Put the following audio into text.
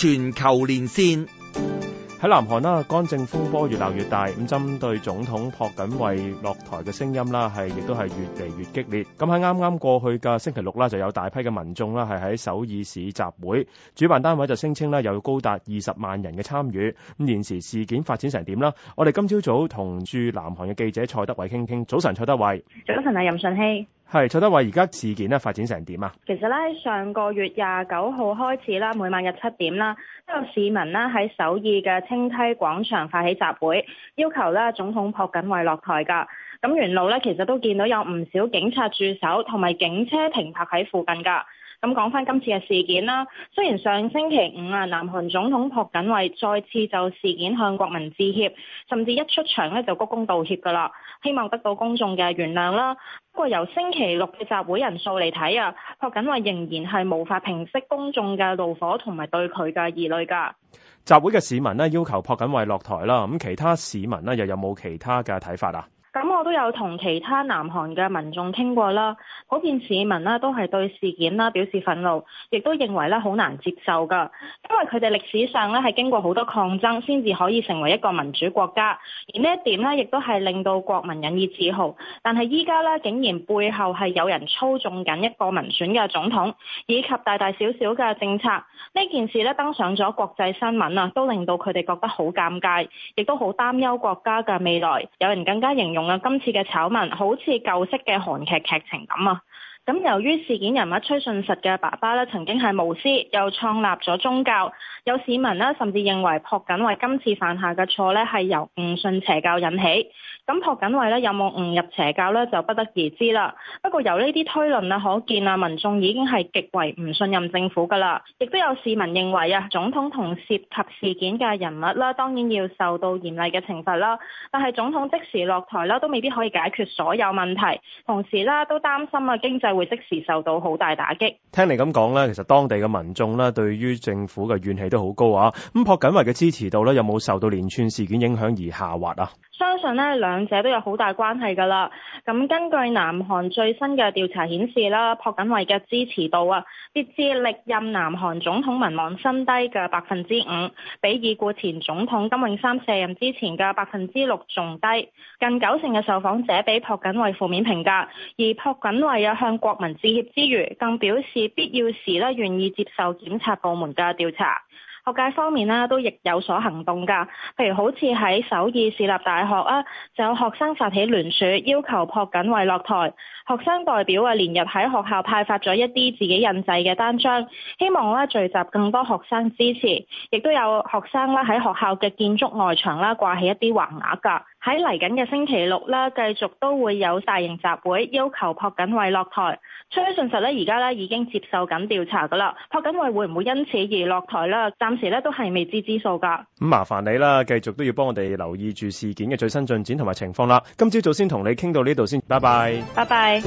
全球連線喺南韓啦，干政風波越鬧越大，咁針對總統朴槿惠落台嘅聲音啦，係亦都係越嚟越激烈。咁喺啱啱過去嘅星期六啦，就有大批嘅民眾啦，係喺首爾市集會，主辦單位就聲稱啦，有高達二十萬人嘅參與。咁現時事件發展成點啦？我哋今朝早同駐南韓嘅記者蔡德蕙傾傾。早晨，蔡德蕙。早晨，係任順熙。係，蔡德蕙，而家事件咧發展成點啊？其實咧，上個月廿九號開始啦，每晚嘅七點啦，都有市民呢喺首爾嘅清溪廣場發起集會，要求咧總統朴槿惠落台㗎。咁沿路咧，其實都見到有唔少警察駐守，同埋警車停泊喺附近㗎。咁講返今次嘅事件啦，雖然上星期五啊，南韓總統朴槿惠再次就事件向國民致歉，甚至一出場呢就鞠躬道歉㗎啦，希望得到公眾嘅原諒啦。不過由星期六嘅集會人數嚟睇啊，朴槿惠仍然係無法平息公眾嘅怒火同埋對佢嘅疑慮㗎。集會嘅市民呢，要求朴槿惠落台啦，咁其他市民呢，又有冇其他嘅睇法啊？都有同其他南韓嘅民眾傾過啦，普遍市民咧都係對事件啦表示憤怒，亦都認為咧好難接受㗎，因為佢哋歷史上咧係經過好多抗爭先至可以成為一個民主國家，而呢一點呢，亦都係令到國民引以自豪。但係依家呢，竟然背後係有人操縱緊一個民選嘅總統，以及大大小小嘅政策，呢件事咧登上咗國際新聞啊，都令到佢哋覺得好尷尬，亦都好擔憂國家嘅未來。有人更加形容啊今今次嘅醜聞好似舊式嘅韓劇劇情咁啊！咁由於事件人物崔順實嘅爸爸咧，曾經係巫師，又創立咗宗教，有市民咧甚至認為朴槿惠今次犯下嘅錯咧係由誤信邪教引起。咁朴槿惠咧有冇誤入邪教呢？就不得而知啦。不過由呢啲推論啊，可見啊，民眾已經係極為唔信任政府㗎啦。亦都有市民認為啊，總統同涉及事件嘅人物咧，當然要受到嚴厲嘅懲罰啦。但係總統即時落台啦，都未必可以解決所有問題。同時啦，都擔心啊經濟。會即時受到好大打擊。聽你咁講咧，其實當地嘅民眾咧，對於政府嘅怨氣都好高啊。咁朴槿惠嘅支持度咧，有冇受到連串事件影響而下滑啊？相信呢兩者都有好大關係㗎啦。咁根據南韓最新嘅調查顯示啦，朴槿惠嘅支持度啊，跌至歷任南韓總統民望新低嘅百分之五，比已故前總統金泳三卸任之前嘅百分之六仲低。近九成嘅受訪者俾朴槿惠負面評價，而朴槿惠有向國民致歉之餘，更表示必要時呢願意接受檢察部門嘅調查。各界方面咧都亦有所行動噶，譬如好似喺首爾市立大學啊，就有學生發起聯署，要求朴槿惠落台。學生代表啊連日喺學校派發咗一啲自己印製嘅單張，希望咧聚集更多學生支持。亦都有學生啦喺學校嘅建築外牆啦掛起一啲橫額㗎。喺嚟緊嘅星期六啦，繼續都會有大型集會，要求朴槿惠落台。崔順實咧而家咧已經接受緊調查噶啦，朴槿惠會唔會因此而落台咧？暫時咧都係未知之數噶。咁麻煩你啦，繼續都要幫我哋留意住事件嘅最新進展同埋情況啦。今朝早先同你傾到呢度先，拜拜。拜拜。